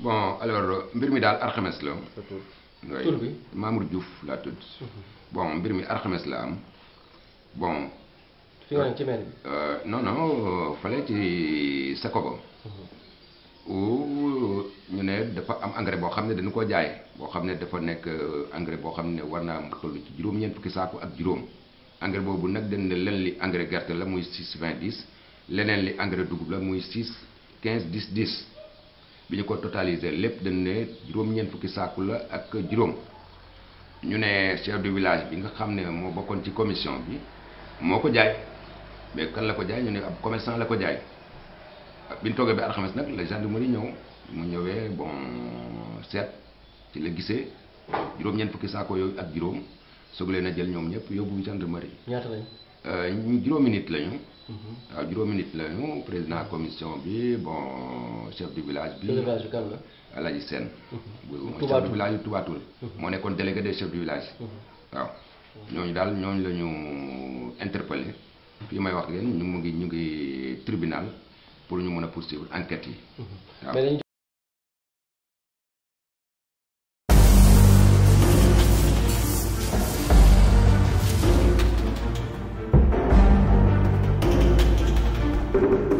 bon alors mbir mi daal alxames la. tur bi Mamour Diouf mhm. bon mbir mi alxames la am bon. fi euh, non non fale ci Sakoba. Mhm. dafa am engrais boo xam ne dañu koo jaay boo xam ne dafa nekk euh, engrais boo xam ne war naa toll ci juróom-ñeent fukki saaku ak juróom engrais boobu nag dañ ne leen li engrais gerte la muy 6 20 10 leneen li engrais dugub la muy 6 quinze 10 10 bi ñu ko totaliser lépp dañ ne juróom-ñeent fukki saaku la ak juróom ñu ne chef de village bi nga xam ne moo bokkoon ci commission bi moo ko jaay mais kan la ko jaay ñu ne ab commerçant la ko jaay bi ñu toogee bi alxames nag la ñëw. mu ñëwee bon seet ci la gisee juróom-ñeent fukki saako yooyu ak juróom soog leen a jël ñoom ñëpp yóbbu gendarmerie. ñaata lañ. Euh, juróomi nit lañu. Mhm. waaw juróomi nit lañu président commission bi bon chef du village bi. village bi kan la. Alaji Sène. Mhm. chef du mhm. moo nekkoon délégué des chefs du village. waaw ñooñu daal ñooñu la ñu interpellé. fii may wax ngeen ñu ngi ñu ngi tribunal pour ñu mën a poursuivre enquête yi. waaw thank you